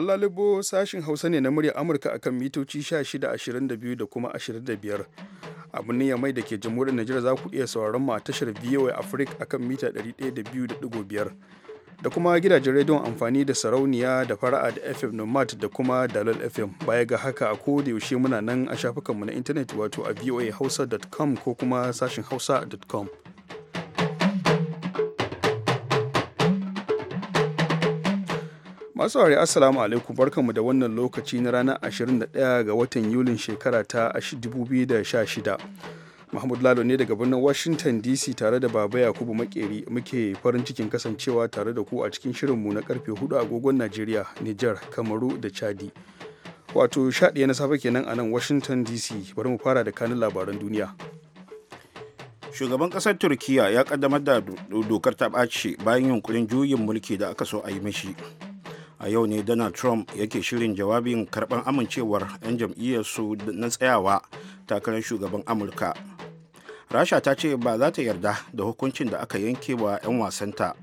Allah libo sashin Hausa ne na murya Amurka akan mitoci 1622 da kuma 25. A birnin Yamai da ke jamhuriyar Najeriya za ku iya sauraron mu a tashar VOA Africa akan mita 102.5 da kuma gidajen rediyon amfani da sarauniya da fara'a da FM Nomad da kuma Dalal FM. Baya ga haka a koda yaushe muna nan a shafukanmu na intanet wato a voahausa.com ko kuma sashin hausa.com. Masu wari asalamu alaikum barkanmu da wannan lokaci na ranar 21 ga watan Yulin shekara ta 2016. Mahmud Lalo ne daga birnin Washington DC tare da Baba Yakubu Makeri muke farin cikin kasancewa tare da ku a cikin shirinmu na karfe 4 agogon Najeriya, Nijar, Kamaru da Chadi. Wato 11 na safe kenan a nan Washington DC bari mu fara da kanin labaran duniya. shugaban kasar turkiya ya kaddamar da dokar ta ɓaci bayan yunkurin juyin mulki da aka so a yi mishi a yau ne donald trump yake shirin jawabin karban amincewar 'yan jam'iyyarsu na tsayawa takarar shugaban amurka rasha ta ce ba za ta yarda da hukuncin da aka yanke wa 'yan wasanta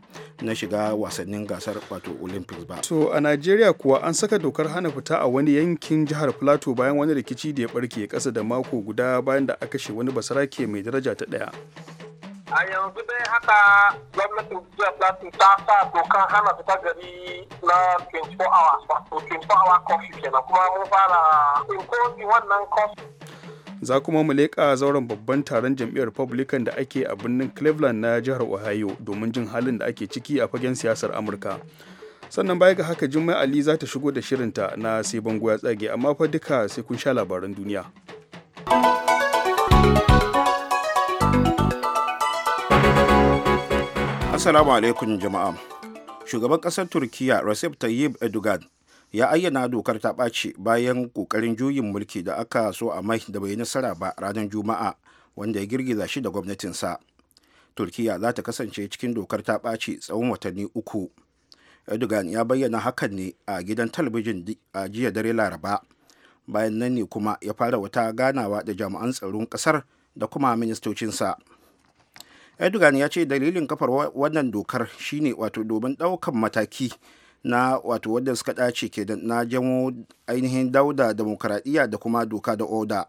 na shiga wasannin gasar wato olympics ba to a nigeria kuwa an saka dokar hana fita a wani yankin jihar plateau bayan wani rikici da ya barke kasa da mako guda bayan da aka kashe wani basarake mai daraja ta daya a yanzu dai haka gwamnatin jihar plateau ta sa dokan hana fita gari na 24 hours wato 24 hour coffee kenan kuma mun fara inkosi wannan coffee za kuma mu leƙa zauren babban taron jam'iyyar republican da ake a birnin cleveland na jihar ohio domin jin halin da ake ciki a fagen siyasar amurka sannan baya ga haka jummai ali za ta shigo da shirinta na sai bango ya tsage amma fa duka sai kun sha labaran duniya. Assalamu alaikum jama'a. Shugaban ƙasar Turkiyya Recep Tayyip Erdogan ya ayyana dokar ta ɓaci bayan ƙoƙarin juyin mulki da aka so a mai da bai nasara ba ranar Juma'a wanda ya girgiza shi da gwamnatinsa. Turkiyya za ta kasance cikin dokar ta ɓaci tsawon watanni uku. Erdogan ya bayyana hakan ne a gidan talabijin a jiya dare Laraba. Bayan nan ne kuma ya fara wata ganawa da jami'an tsaron ƙasar da kuma ministocinsa. erdogan ya ce dalilin kafar wannan dokar shine wato domin daukan mataki na wato wadda suka dace ke na jamo ainihin dauda demokaradiyya da kuma doka da oda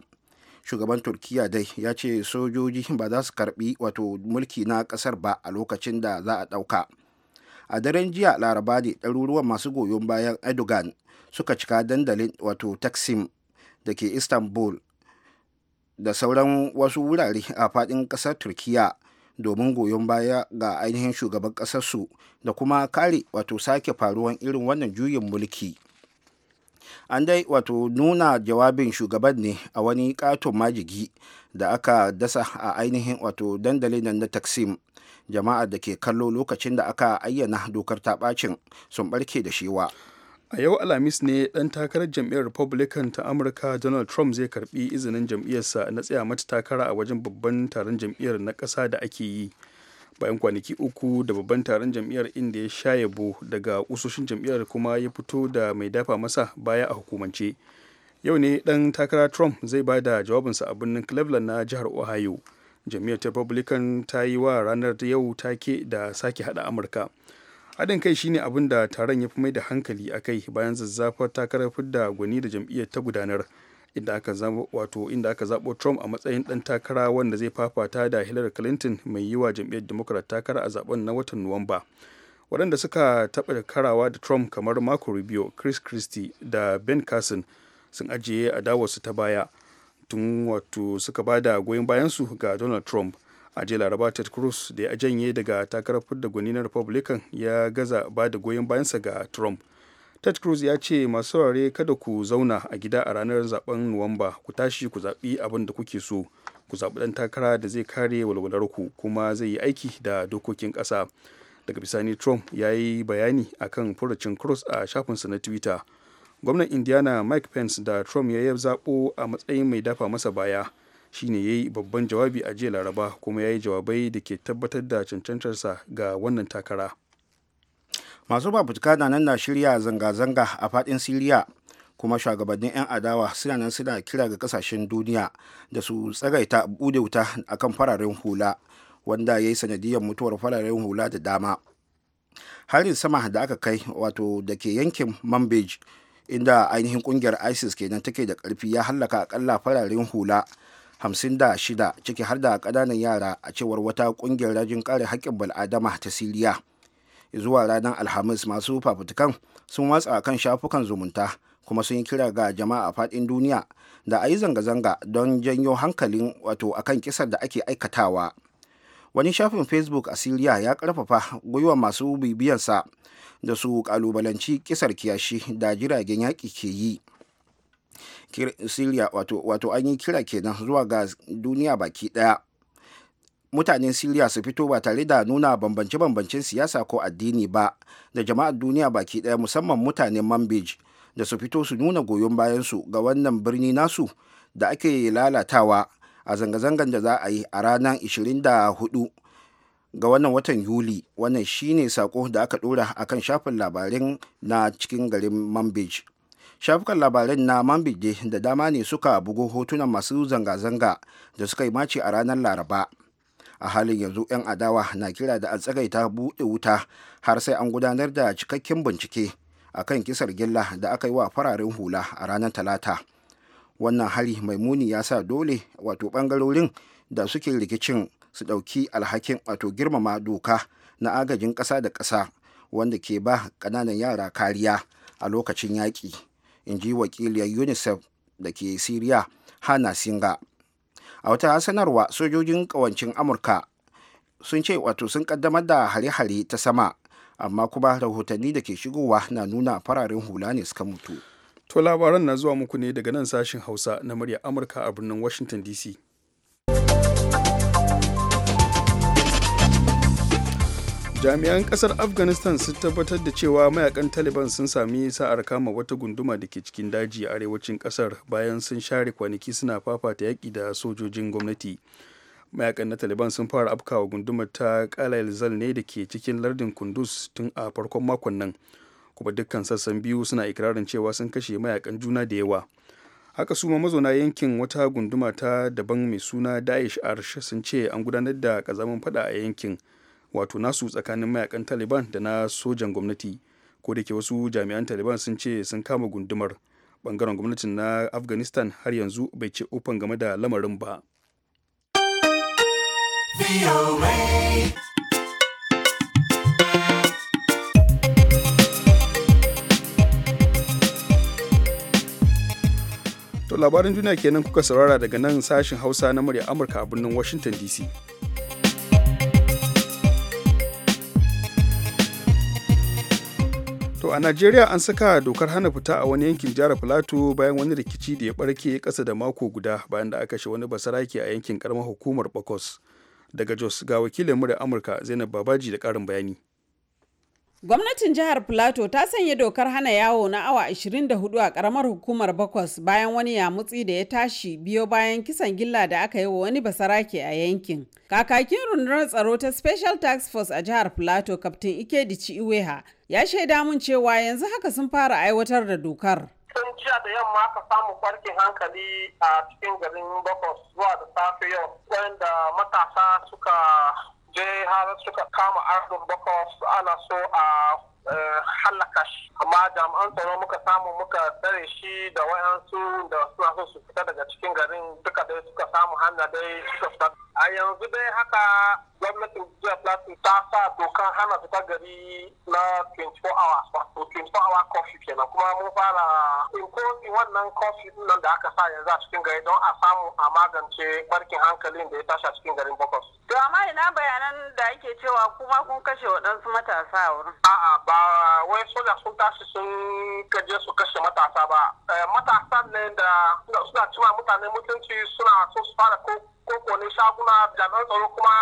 shugaban turkiya dai ya ce sojoji ba za su karbi wato mulki na kasar ba a lokacin da za a dauka a daren jiya laraba ne ɗaruruwan masu goyon bayan erdogan suka cika dandalin wato taksim da ke istanbul da sauran wasu wurare a faɗin ƙasar turkiyya. domin goyon baya ga ainihin shugaban ƙasarsu da kuma kare wato sake faruwan irin wannan juyin mulki an dai wato nuna jawabin shugaban ne a wani katon majigi da aka dasa a ainihin wato dandalin nan na taksim jama'ar da ke kallo lokacin da aka ayyana dokar ta bacin sun barke da shewa a yau alhamis ne dan takarar jam'iyyar republican ta amurka donald trump zai karbi izinin jam'iyyarsa na tsaya mata takara a wajen babban taron jam'iyyar na kasa da ake yi bayan kwanaki uku da babban taron jam'iyyar inda ya sha yabo daga kusoshin jam'iyyar kuma ya fito da mai dafa masa baya a hukumance yau ne dan takara trump zai ba da jawabinsa a birnin cleveland na jihar ohio jam'iyyar republican ta yi wa ranar yau take da sake hada amurka haɗin kai shine abin da taron ya fi mai da hankali a kai bayan zazzafar takarar fidda gwani da jam'iyyar ta gudanar inda aka zaɓo wato inda aka zaɓo Trump a matsayin ɗan takara wanda zai fafata da Hillary Clinton mai yi wa jam'iyyar Democrat takara a zaɓen na watan Nuwamba. Waɗanda suka taɓa karawa da Trump kamar Marco Rubio, Chris Christie da Ben Carson sun ajiye a dawarsu ta baya tun wato suka ba da goyon bayansu ga Donald Trump. a jiya laraba ted cruz da ya janye daga takarar fidda gwani na republican ya gaza ba da goyon bayansa ga trump ted cruz ya ce masu saurare kada ku zauna a gida a ranar zaben nuwamba ku tashi ku zaɓi abin da kuke so ku zaɓi ɗan takara da zai kare walwalar ku kuma zai yi aiki da dokokin ƙasa daga bisani trump ya yi bayani akan furucin cruz a shafinsa na twitter gwamnan indiana mike pence da trump ya yi zaɓo a matsayin mai dafa masa baya shine ya yi babban jawabi a jiya laraba kuma ya yi jawabai da ke tabbatar da cancantarsa ga wannan takara masu babutuka na nan na shirya zanga-zanga a fadin siriya kuma shugabannin 'yan adawa suna nan suna kira ga kasashen duniya da su tsagaita bude wuta akan fararen hula wanda ya yi sanadiyar mutuwar fararen hula da dama harin sama da aka kai wato da ke yankin manbej inda ainihin kungiyar isis kenan take da karfi ya hallaka akalla fararen hula 56 ciki har da ƙananan yara a cewar wata ƙungiyar rajin kare haƙƙin bal'adama ta siriya zuwa ranar alhamis masu fafutukan sun watsa kan shafukan zumunta kuma sun yi kira ga jama'a faɗin duniya da a yi zanga-zanga don janyo hankalin wato akan kisar da ake aikatawa wani shafin facebook a siriya ya karfafa gwiwa masu bibiyansa da su kalubalanci kisar kiyashi da jiragen yaƙi ke yi Siriya wato an yi kira kenan zuwa ga duniya baki ɗaya. Mutanen Siriya su fito ba tare da nuna bambance-bambancen siyasa ko addini ba da jama'ar duniya baki ɗaya musamman mutanen Manbij da su fito su nuna goyon bayansu ga wannan birni nasu da ake lalatawa a zanga zangan da za a yi a ranar 24 ga wannan watan yuli wannan shine sako da aka dora a kan shafin labarin na cikin garin manbij shafukan labarin na mambide da dama ne suka bugo hotunan masu zanga-zanga da suka yi mace a ranar laraba a halin yanzu 'yan adawa na kira da a tsagaita buɗe wuta har sai an gudanar da cikakken bincike a kan kisar gilla da aka yi wa fararen hula a ranar talata wannan hari mai muni ya sa dole wato bangarorin da suke rikicin su ɗauki alhakin wato girmama doka na agajin ƙasa da ƙasa wanda ke ba ƙananan yara kariya a lokacin yaƙi. in ji wakiliyar unicef da ke siriya hana singa a wata sanarwa sojojin kawancin amurka sun ce wato sun kaddamar da hare-hare ta sama amma kuma rahotanni da ke shigowa na nuna fararen hula ne suka mutu to labaran na zuwa muku ne daga nan sashen hausa na murya amurka a birnin washington dc jami'an kasar afghanistan sun tabbatar da cewa mayakan taliban sun sami sa'ar kama wata gunduma da ke cikin daji a arewacin kasar bayan sun share kwanaki suna fafata yaƙi da sojojin gwamnati mayakan na taliban sun fara afkawa gunduma ta kalayel zal ne da ke cikin lardin kundus tun a farkon makon nan kuma dukkan sassan biyu suna ikirarin cewa sun kashe mayakan juna da yawa haka suma mazauna yankin wata gunduma ta daban mai suna daesh arsh sun ce an gudanar da kazamin fada a yankin wato nasu tsakanin mayakan taliban da na sojan gwamnati ko da ke wasu jami'an taliban sun ce sun kama gundumar bangaren gwamnatin na afghanistan har yanzu bai ce ufan game da lamarin ba To labarin duniya kenan kuka saurara daga nan sashin Hausa na murya Amurka a birnin Washington DC. To a Najeriya an saka dokar hana fita a wani yankin jihar Filato bayan wani rikici da ya barke ƙasa da mako guda bayan da aka kashe wani basarake a yankin karamar hukumar Bakos. Daga Jos ga wakilin murya Amurka Zainab Babaji da ƙarin bayani. Gwamnatin jihar Filato ta sanya dokar hana yawo na awa 24 a karamar hukumar bakwas bayan wani ya yamutsi da ya tashi biyo bayan kisan gilla da aka yi wa wani basarake a yankin. Kakakin rundunar tsaro ta Special Task Force a jihar Filato, Kaftin Ikedici Iweha, ya shaida mun cewa yanzu haka sun fara aiwatar da dokar. tun jiya da yamma aka samu kwarkin hankali a cikin garin bakwas zuwa da safe yau, wanda matasa suka je har suka kama ardun bakos ana so a eh, hallaka shi amma jami'an tsaro muka samu muka tsare shi da wayansu da suna so su fita daga cikin garin duka dai suka samu hanya dai suka fita a yanzu dai haka gwamnatin jihar plateau ta sa dokan hana fita gari na 24 hours wato 24 hour coffee kenan kuma mun fara imposing wannan coffee din nan da aka sa yanzu a cikin gari don a samu a magance barkin hankalin da ya tashi a cikin garin bokos. to amma ina bayanan da ake cewa kuma kun kashe waɗansu matasa a wurin. a'a ba wai soja sun tashi sun kaje su kashe matasa ba eh, Matasa ne da suna cima mutane mutunci suna so su fara ko koko ne shaguna jami'an tsaro kuma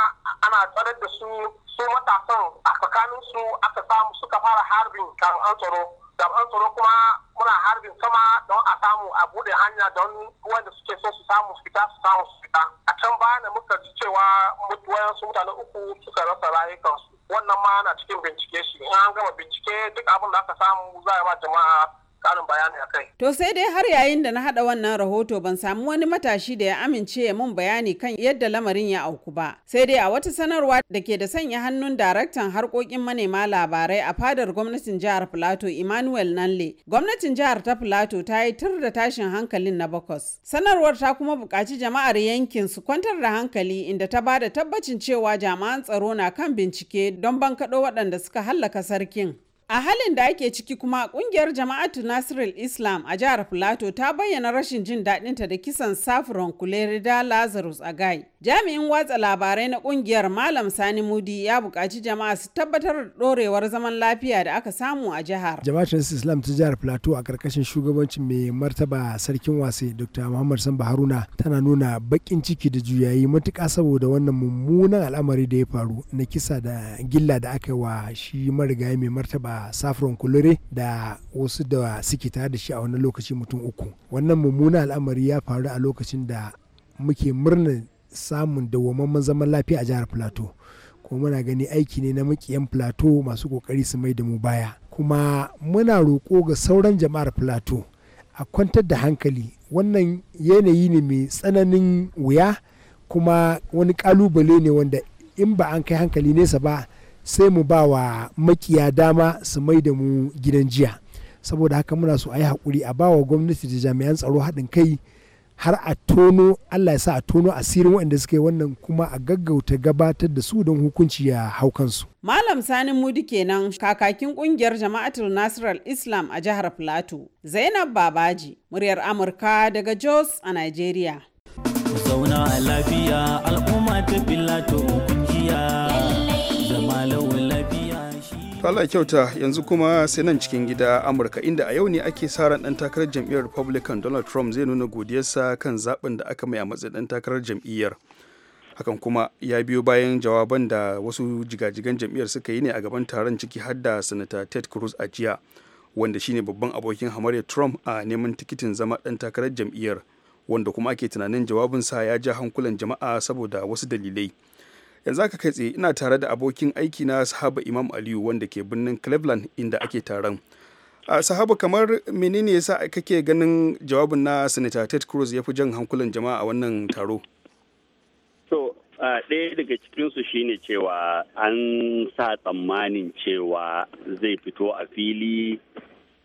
ana tsarar da su su matasan a tsakanin su aka samu suka fara harbin jami'an tsaro jami'an tsaro kuma muna harbin sama don a samu a bude hanya don wanda suke so su samu fita su samu fita a can baya da muka ji cewa mutuwayen su mutane uku suka rasa rayukansu wannan ma na cikin bincike shi in an gama bincike duk abin da aka samu za a ba jama'a tsarin bayani a To sai dai har yayin da na haɗa wannan rahoto ban samu wani matashi da ya amince ya mun bayani kan yadda lamarin ya auku ba. Sai dai a wata sanarwa da ke da sanya hannun daraktan harkokin manema labarai a fadar gwamnatin jihar Filato Emmanuel Nanle. Gwamnatin jihar ta Filato ta yi tur da tashin hankalin na bakwas. Sanarwar ta kuma buƙaci jama'ar yankin su kwantar da hankali inda ta ba da tabbacin cewa jama'an tsaro na kan bincike don bankaɗo waɗanda suka hallaka sarkin. A halin da ake ciki kuma kungiyar jama'atu Nasirul Islam a jihar plateau ta bayyana rashin jin daɗinta da kisan safron Kulerida Lazarus a Gai. Jami'in watsa labarai na kungiyar Malam Sani Mudi ya bukaci jama'a su tabbatar da dorewar zaman lafiya da aka samu a jihar. Jama'atar Islam ta jihar Plateau a ƙarƙashin shugabancin mai martaba sarkin wase Dr. Muhammad Samba Haruna tana nuna baƙin ciki da juyayi matuƙa saboda wannan mummunan al'amari da ya faru na kisa da gilla da aka yi wa shi marigayi mai martaba Safron Kulure da wasu da suke tare da shi a wannan lokaci mutum uku. Wannan mummunan al'amari ya faru a lokacin da muke murnar samun dawwammamen zaman lafiya a jihar plateau kuma muna gani aiki ne na makiyan plateau masu kokari su mai da mu baya kuma muna roƙo ga sauran jama'ar plateau a kwantar da hankali wannan yanayi ne mai tsananin wuya kuma wani kalubale ne wanda in ba an kai hankali nesa ba sai mu ba wa makiya dama su mai da mu gidan jiya saboda haka muna so a yi hakuri a ba wa gwamnati da jami'an tsaro haɗin kai har a tono allah ya sa a tono asirin waɗanda suka yi wannan kuma a gaggauta gabatar da su don hukunci ya hau kansu malam sani mudi kenan kakakin kungiyar jama'atul nasiral islam a jihar plateau zainab babaji muryar amurka daga jos a nigeria zauna lafiya al'umma ta plateau Allah kyauta yanzu kuma sai nan cikin gida Amurka inda a yau ne ake sa ran dan takarar jam'iyyar Republican Donald Trump zai nuna godiyarsa kan zaben da aka mai a matsayin dan takarar jam'iyyar. Hakan kuma ya biyo bayan jawaban da wasu jigajigan jam'iyyar suka yi ne a gaban taron ciki har da Sanata Ted Cruz a jiya wanda shine babban abokin hamaryar Trump a neman tikitin zama dan takarar jam'iyyar wanda kuma ake tunanin jawabinsa ya ja hankulan jama'a saboda wasu dalilai. yanzu aka kai tsaye ina tare da abokin aiki na sahaba imam aliyu wanda ke birnin cleveland inda ake taron a sahaba kamar menene yasa kake ganin jawabin na senator ted cruz ya fi jan hankulan jama'a a wannan taro to ɗaya daga cikinsu shine cewa an sa tsammanin cewa zai fito a fili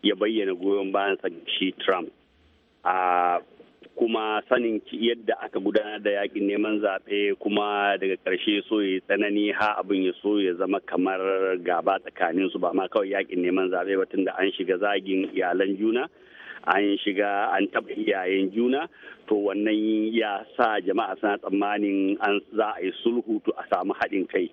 ya bayyana goyon bayan shi trump a kuma sanin yadda aka gudanar da yakin neman zaɓe kuma daga ƙarshe so ya tsanani ha abin ya so ya zama kamar gaba tsakanin su ba ma kawai yakin neman zaɓe ba tunda an shiga zagin iyalan juna an shiga an taɓa iyayen juna to wannan ya sa jama'a suna tsammanin an za a yi sulhu to a samu haɗin kai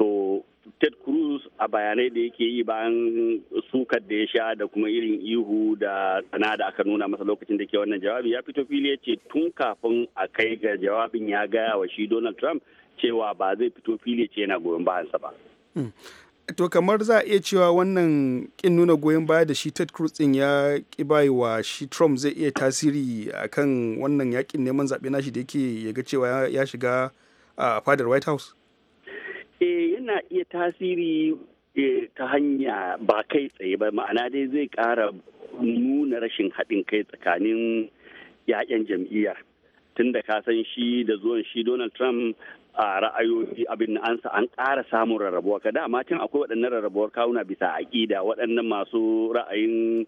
so ted cruz a bayanai da yake yi bayan sukar da ya sha da kuma irin ihu da tsana da aka nuna masa lokacin da ke wannan jawabi ya fito fili ya ce tun kafin a kai ga jawabin ya gaya wa shi donald trump cewa ba zai fito fili ce yana goyon bayansa ba hmm. to kamar za a iya cewa wannan kin nuna goyon baya da shi ted cruz din ya ki wa shi trump zai iya tasiri akan wannan yakin neman zaɓe nashi da yake ya ga cewa ya shiga a fadar white house eh yana iya tasiri eh, ta hanya ba kai tsaye ba ma'ana dai zai ƙara nuna rashin haɗin kai tsakanin 'ya'yan jam'iyyar tunda da ka san shi da zuwan shi donald trump a ra'ayoyi abin an an ƙara samun rarrabuwa ka dama can akwai waɗannan rarrabuwar kawuna bisa aƙida waɗannan masu ra'ayin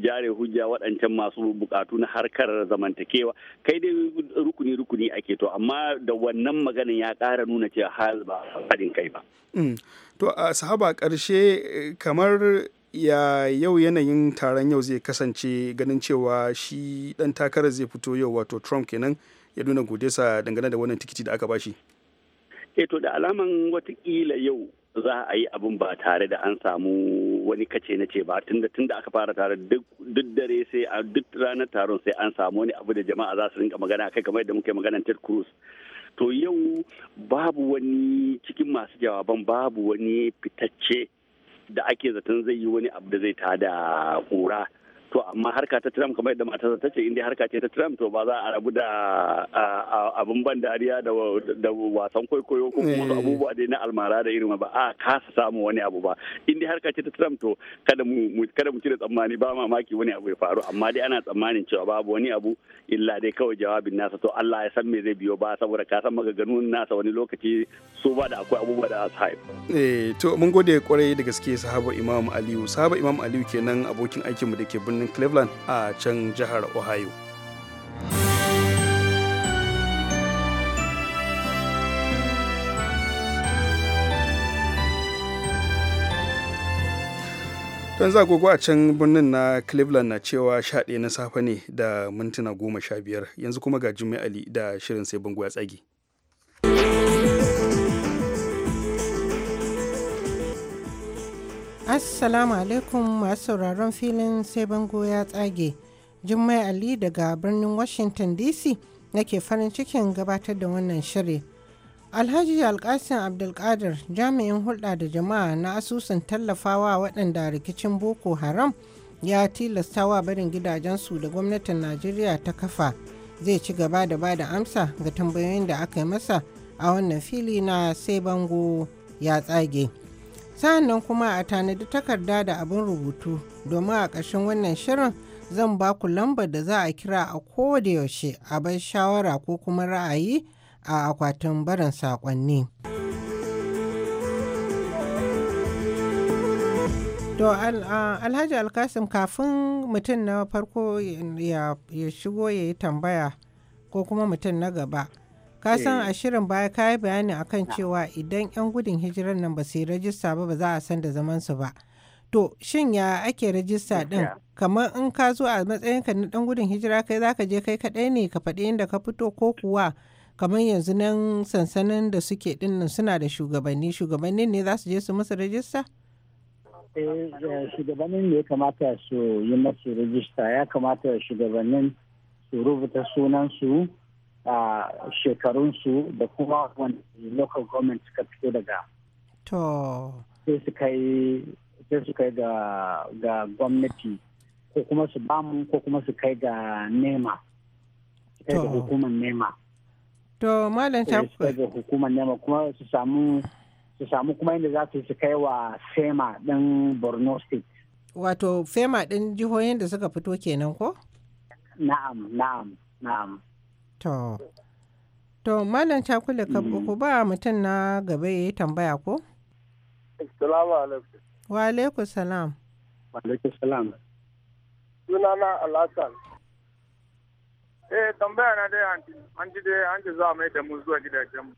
jare hujja waɗancan masu buƙatu na harkar zamantakewa kai dai rukuni rukuni ake to amma da wannan maganin ya ƙara nuna cewa hal ba haɗin kai ba. Mm. to a sahaba ƙarshe kamar ya yau yanayin taron yau zai kasance ganin cewa shi ɗan takarar zai fito yau wato trump kenan ya nuna godesa dangane da wannan tikiti da aka bashi eh to da alaman watakila yau za a yi abin ba tare da an samu wani kace na ce ba tunda tunda aka fara tare duk dare sai a duk ranar taron sai an samu wani abu da jama'a za su rinka magana kai kamar yadda muke magana Ted Cruz to yau babu wani cikin masu jawaban babu wani fitacce da ake zaton zai yi wani abu da zai tada kura to amma harka ta Trump kamar yadda matarsa ta ce in dai harka ce ta Trump to ba za a rabu da abin ban dariya da wasan kwaikwayo ko kuma eh. abubuwa dai na almara da irin ba a kasa samu wani abu ba in dai harka ce ta Trump to kada mu kada mu cire tsammani ba mamaki wani abu ya faru amma dai ana tsammanin cewa babu wani abu illa dai kawai jawabin nasa to Allah ya san me zai biyo ba saboda ka san maganganun nasa wani lokaci su ba da akwai abubuwa da sahib eh to mun gode kwarai da gaske sahabo Imam Aliyu sahabo Imam Aliyu kenan abokin aikinmu da ke birnin birnin cleveland a can jihar ohio don za a can birnin na cleveland na cewa sha na safe ne da mintuna goma sha biyar yanzu kuma ga jimmy ali da shirin sai bango ya tsage Assalamu alaikum masu sauraron filin sai bango ya tsage. Jummai Ali daga birnin Washington DC nake farin cikin gabatar da wannan shirin. Alhaji Alkasin Abdulkadir jami'in hulɗa da jama'a na asusun tallafawa waɗanda rikicin Boko Haram ya tilastawa barin gidajensu da gwamnatin Najeriya ta kafa zai ci gaba da ba da amsa ga tambayoyin da aka yi masa a wannan fili na sai bango ya tsage. sa'an nan kuma a tanadi takarda da abin rubutu domin a ƙarshen wannan shirin zan ba ku lambar da za a kira a yaushe a bai shawara ko kuma ra'ayi a akwatin barin saƙonni. To Alhaji Alkasim kafin mutum na farko ya shigo ya yi tambaya ko kuma mutum na gaba ka san eh. a shirin baya ka yi bayani akan cewa idan 'yan gudun hijirar nan ba su yi rajista ba ba za a san da zaman su ba to shin ya ake rajista din kamar in ka zo a matsayinka na dan gudun hijira kai za ka je kai kadai ne ka faɗi inda ka fito ko kuwa kamar yanzu nan sansanin da suke dinnan suna da shugabanni shugabannin ne za su je su musu rajista? Eh, eh, shugabannin ne ya kamata su yi musu rajista ya kamata shugabannin su rubuta sunan su. shekarunsu da kuma wani local government suka fito daga sai su kai ga gwamnati ko kuma su bamu ko kuma su kai ga nema kai ga hukumar nema to malam ta ga hukumar nema kuma su samu su samu kuma inda za su yi su kai wa fema din borno state wato fema din jihohin da suka fito kenan ko na'am na'am na'am To, to Malam Cakule mm. ku ba mutum na gaba ya yi tambaya ko? Assalamu alaikum. Wa alaikum salam. Wa alaikum salam. na Alasan. Eh tambaya na dai anti, anti dai anti ji za mai da mu zuwa gidajen mu.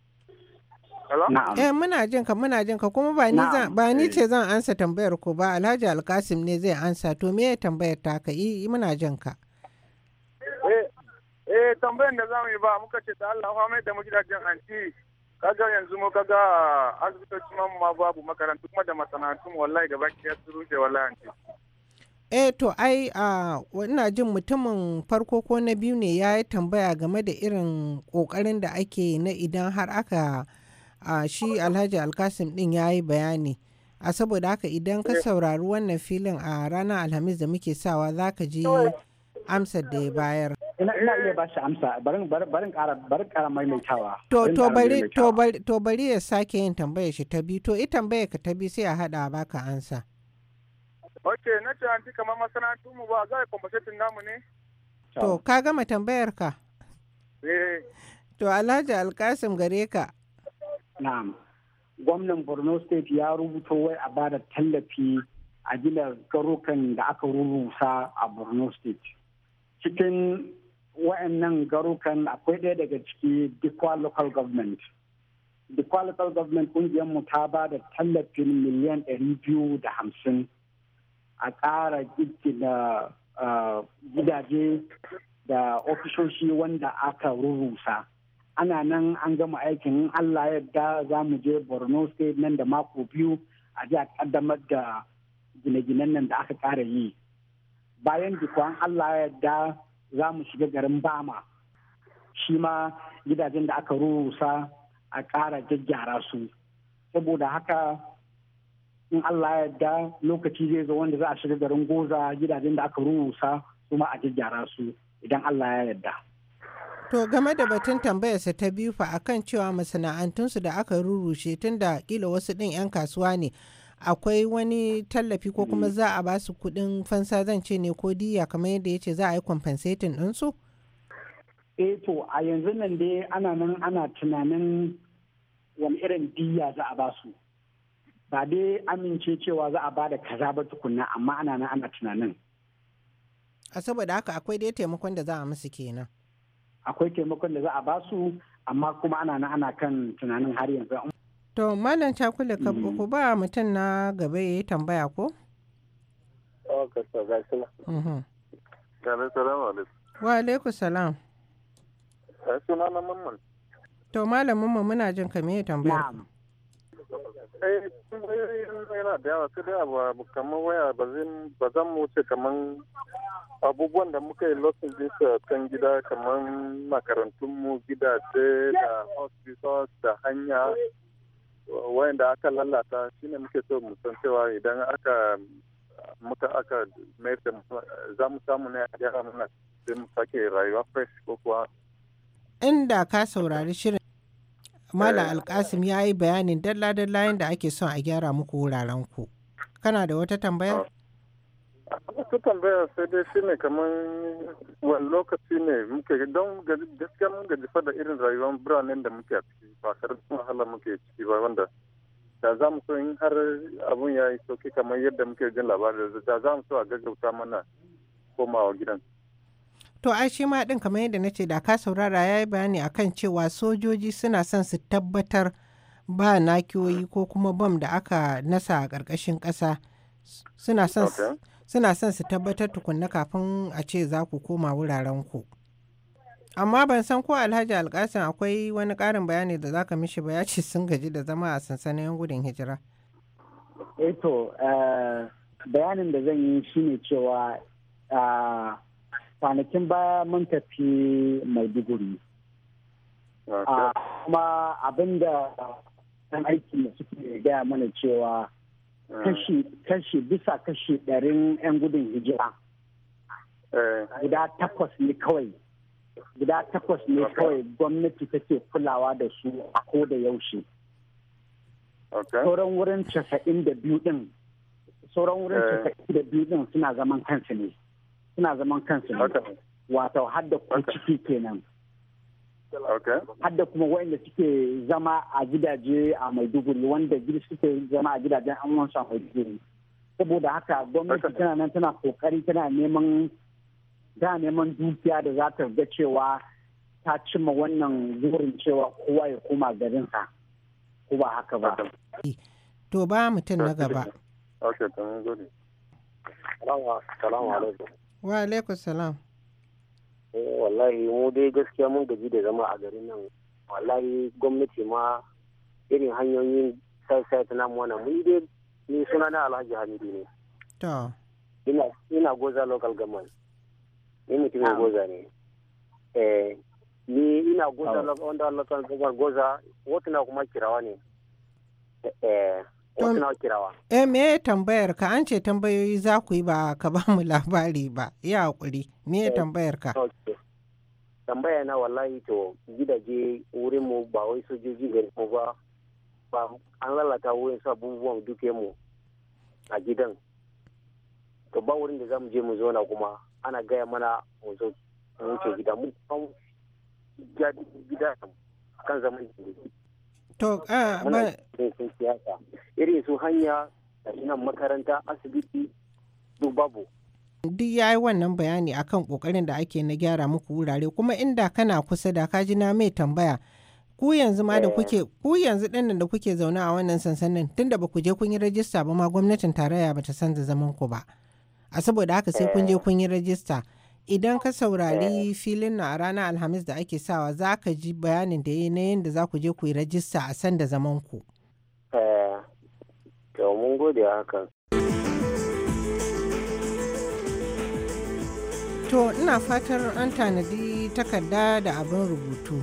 Eh muna jin ka muna jin ka kuma ba ni zan ba ni eh. ce zan ansa tambayar ku ba Alhaji Alkasim ne zai ansa to me ya tambayar ta ka yi muna jin ka. Eh, tambayan da zamu yi ba muka ce ta Allah fa mai da mu gidajen anti kaga yanzu mu kaga asibitoci ma babu makarantu kuma da masana'antu wallahi gaba ki su rushe wallahi anti. eh to ai a ina jin mutumin farko ko na biyu ne ya yi tambaya game da irin kokarin da ake na idan har aka a shi alhaji alkasim din ya yi bayani a saboda haka idan ka eh. saurari wannan filin a ranar alhamis da muke sawa za ka ji amsar da ya bayar ina iya ba shi amsa barin barin ƙara barin maimaitawa to to bari to bari to bari ya sake yin tambayar shi ta biyu to ita tambayar ka ta biyu sai a hada baka ansa ok na ce an kamar masana'antu mu ba za a kwamfashin namu ne to ka gama tambayar ka eh. to Alhaji Alkasim gare ka na'am gwamnan Borno state ya rubuto wai a bada tallafi a gina garukan da aka rurrusa a Borno state cikin wa'annan garukan akwai ɗaya daga ciki dikwa local government dikwa local government mu ta ba da tallafin miliyan ɗari biyu da hamsin a ƙara gina gidaje da ofisoshi wanda aka rurrusa ana nan an gama aikin allah yadda za mu je borno state nan da mako biyu a ji a ƙaddamar da gine-ginen nan da aka ƙara yi bayan dikwan allah yadda za mu shiga garin bama shi ma gidajen da aka rusa a ƙara gyaggyara su saboda haka in allah ya yarda lokaci zai zo wanda za a shiga garin goza gidajen da aka rusa kuma a gyaggyara su idan allah ya yarda To game da batun tambayar su ta biyu fa akan cewa masana'antunsu da aka rurushe tun da kila wasu din 'yan kasuwa ne akwai wani tallafi ko kuma mm. za a ba su kuɗin fansa zan ce ne ko diya kamar yadda ya ce za a yi compensating ɗinsu? E, to a yanzu nan dai ana nan ana tunanin wani irin diya za a ba su ba dai amince cewa za a ba da kaza ba tukunna amma ana nan ana tunanin a saboda haka akwai dai taimakon da za a musu kenan akwai taimakon da za a ba su amma kuma ana nan ana kan tunanin har yanzu To Malam Cakule ka mm. ku ba mutum na gaba ya yi tambaya ko? Mhm. Wa alaikum salam. Suna na mamman. To Malam mamman muna jin ka me tambaya. Eh, yana da yawa sai dai ba kamar waya ba zan wuce kamar abubuwan da muka yi losin jinsu kan gida kamar makarantunmu gidaje da hospitals da hanya wayanda aka lalata shine muke so mu san cewa idan aka muka aka mayar da za mu samu ne a gyara muna sai mu sake rayuwa fresh ko kuwa inda ka saurari shirin Mala eh. Alkasim ya yi bayanin dalla-dalla yadda ake son a gyara muku wuraren ku. Kana da wata tambaya? Oh. su tambaya sai dai shi ne kamar wani lokaci ne muke don gaskiya mun gaji da irin rayuwar biranen da muke a ciki ba tare wahala muke ciki ba wanda da za mu so in har abun ya yi sauki kamar yadda muke jin labarin da za mu so a gaggauta mana komawa gidan. To ai shi ma din kamar yadda nace da ka saurara ya yi bayani akan cewa sojoji suna son su tabbatar ba nakiyoyi ko kuma bam da aka nasa a ƙarƙashin ƙasa suna son suna son su tabbatar tukunna kafin a ce za ku koma wuraren ku. amma ban san ko alhaji alkasin akwai wani karin bayani da zaka mishi ba ya ce sun gaji da zama a sansanin gudun hijira eto eh eh, bayanin da zan yi shine cewa eh, kwanakin baya mun tafi maiduguri ah, kuma abinda ɗan aiki da suke gaya mana cewa Eh. kashi bisa kashi ɗarin 'yan gudun hijira eh. guda takwas ne kawai guda takwas ne kawai gwamnati take kulawa da su a ko da yaushe sauran wurin casa'in da biyu ɗin sauran wurin eh. casa'in da biyu ɗin suna zaman kansu ne suna zaman kansu ne wato har da ciki kenan hadda kuma wayanda suke zama a gidaje a maiduguri wanda suke zama a gidajen an wansu a maiduguri saboda haka gwamnati tana nan tana kokari tana neman da neman dukiya da za ta ga cewa ta cimma wannan burin cewa kowa ya koma garinsa ko ba haka ba to ba mutum na gaba wa alaikum salam Eh, wallahi mu dai gaskiya mun gaji da zama a garin nan wallahi gwamnati ma irin hanyoyin sai-sai ta namu wannan mun dai ni suna na alhaji hamidu ne to ina ina goza local government ni mutum goza ne eh ni ina goza local government goza wata na kuma kirawa ne eh Eh me tambayar ka an ce tambayoyi za ku yi ba ka ba mu labari ba ya hakuri me eh, tambayar ka. Tambaya na wallahi to gidaje wurin mu ba wai sojoji ne mu ba ba an lalata wurin su abubuwan duke mu a gidan. To ba wurin da za mu je mu zauna kuma ana gaya mana mu zo mu wuce gida mu gida kan zaman To, ba. Ah, Irin su hanya, nan makaranta, asibiti, duk babu. ya yi wannan bayani akan kokarin da ake na gyara muku wurare kuma inda kana kusa da kaji na mai tambaya. Ku yanzu ma da eh. kuke ku yanzu din da kuke zaune a wannan sansanin tunda ba ku je kun yi rajista ba ma gwamnatin tarayya ba ta san zaman ku ba. A saboda haka sai kun je eh. kun yi rajista. idan ka saurari eh. filin na a ranar alhamis da ake sawa za ka ji bayanin da ya na yadda za ku je ku yi rajista a sanda zaman ku. Eh, to ina fatar an tanadi takarda da abin rubutu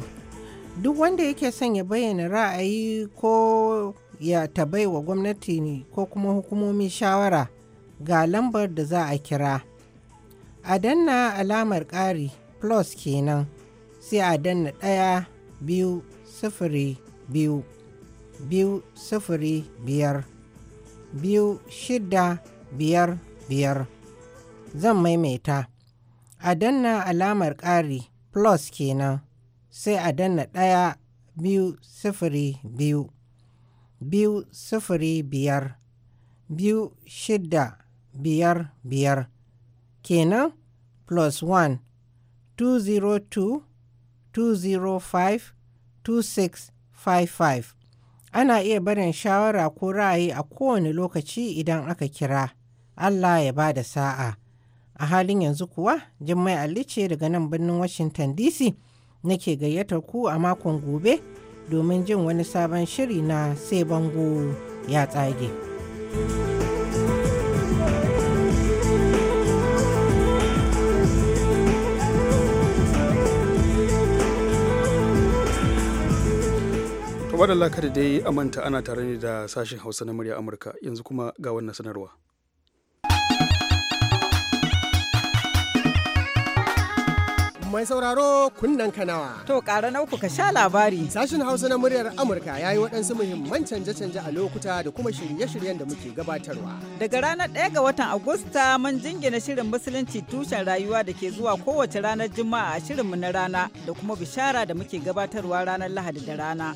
duk wanda yake son ya bayyana ra'ayi ko ya tabai wa gwamnati ko kuma hukumomi shawara ga lambar da za a kira. a danna alamar ƙari plus kenan sai a danna ɗaya biyu sufuri biyu biyu sufuri biyar biyu shida biyar biyar zan maimaita a danna alamar ƙari plus kenan sai a danna ɗaya biyu sufuri biyu biyu sufuri biyar biyu shida biyar biyar kenan plus 1 202 205 2655 ana iya barin shawara ko ra'ayi a kowane lokaci idan aka kira Allah ya ba da sa'a a halin yanzu kuwa Jummai Ali ce daga nan birnin Washington DC nake gayyatar ku a makon gobe domin jin wani sabon shiri na sai bango ya tsage. thank you laka kada dai amanta ana tare ne da sashen hausa na murya amurka yanzu kuma ga wannan sanarwa mai sauraro kunnen kanawa. To ƙara uku ka sha labari. Sashen Hausa na muryar Amurka ya yi waɗansu muhimman canje-canje a lokuta da kuma shirye-shiryen da muke gabatarwa. Daga ranar 1 ga watan Agusta mun jingina shirin Musulunci tushen rayuwa da ke zuwa kowace ranar Juma'a a shirinmu na rana da kuma bishara da muke gabatarwa ranar Lahadi da rana.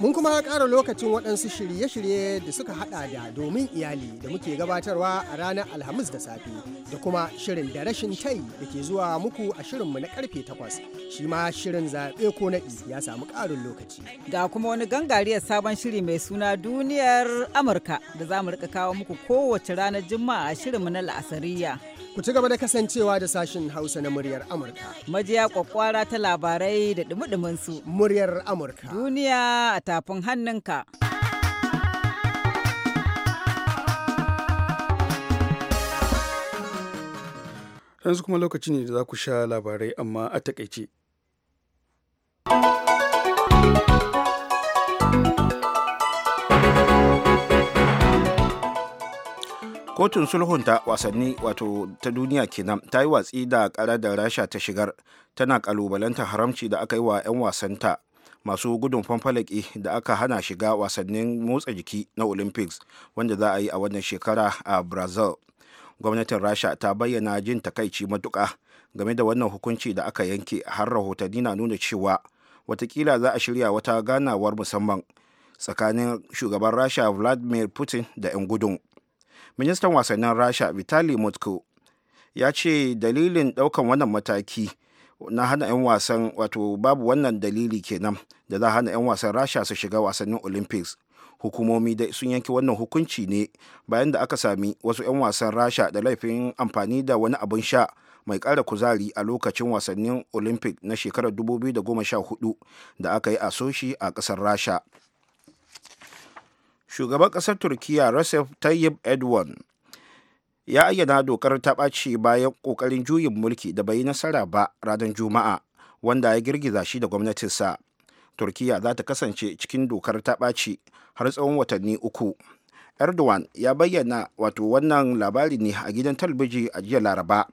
Mun kuma ƙara lokacin waɗansu shirye-shirye da suka haɗa da domin iyali da muke gabatarwa a ranar Alhamis da safe da kuma shirin da rashin tai da ke zuwa muku a shirinmu na karfe takwas. Shi ma shirin zaɓe ko naɗi ya samu ƙarin lokaci. Ga kuma wani gangariyar sabon shiri mai suna duniyar Amurka da za mu rika kawo muku kowace ranar Juma'a a shirinmu na La'asariya. Ku ci gaba da kasancewa da sashin Hausa na muryar Amurka. Majiya kwakwara ta labarai da dumi su. Muryar Amurka. Duniya a tafin hannunka. yanzu kuma lokaci ne da za ku sha labarai amma a takaice. kotun sulhunta wasanni wato ta duniya kenan ta yi watsi da kara da rasha ta shigar tana kalubalanta haramci da aka yi wa 'yan wasanta masu gudun fanfalaki da aka hana shiga wasannin motsa jiki na olympics wanda za a yi a wannan shekara a brazil gwamnatin rasha ta bayyana jin takaici matuka game da wannan hukunci da aka yanke har rahotanni na nuna cewa watakila za a shirya wata ganawar musamman tsakanin shugaban rasha vladimir putin da 'yan gudun ministan wasannin rasha vitali mutko ya ce dalilin daukan wannan mataki na hana 'yan wasan wato babu wannan dalili kenan da za hana 'yan wasan rasha su shiga wasannin olympics hukumomi da sun yanke wannan hukunci ne bayan da aka sami wasu 'yan wasan rasha da laifin amfani da wani abin sha mai ƙara kuzari a lokacin wasannin olympic na shekarar 2014 da aka yi a soshi a ƙasar rasha shugaban ƙasar turkiya recep tayyip edward ya ayyana dokar ta ɓaci bayan ƙoƙarin juyin mulki da bai nasara ba ranar juma'a wanda ya girgiza shi da gwamnatinsa turkiya za ta kasance cikin dokar ta ɓaci har tsawon watanni uku erdogan ya bayyana wato wannan labari ne a gidan talbiji a jiya laraba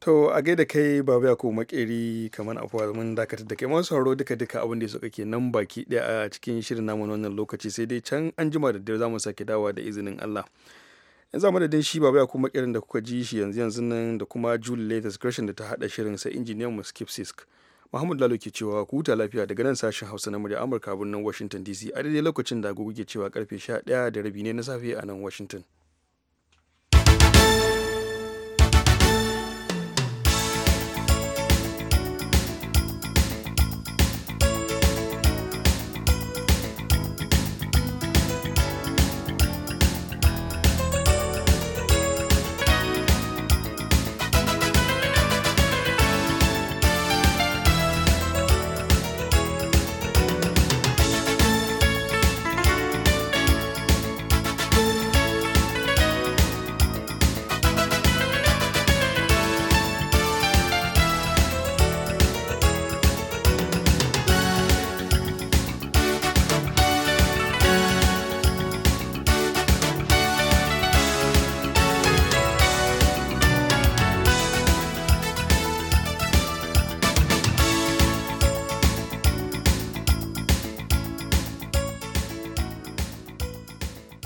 to a gaida kai ba babu ko makeri kamar afuwa mun dakatar da kai masu sauraro duka duka abin da suka ke nan baki daya a cikin shirin namun wannan lokaci sai dai can an jima da dare za mu sake dawa da izinin allah yanzu a madadin shi baba ya kuma kirin da kuka ji shi yanzu yanzu nan da kuma julie latest gresham da ta hada shirin sai injiniyan mu skip sisk muhammadu lalo ke cewa ku huta lafiya daga nan sashen hausa na murya amurka birnin washington dc a daidai lokacin da agogo ke cewa karfe 11 da rabi ne na safe a nan washington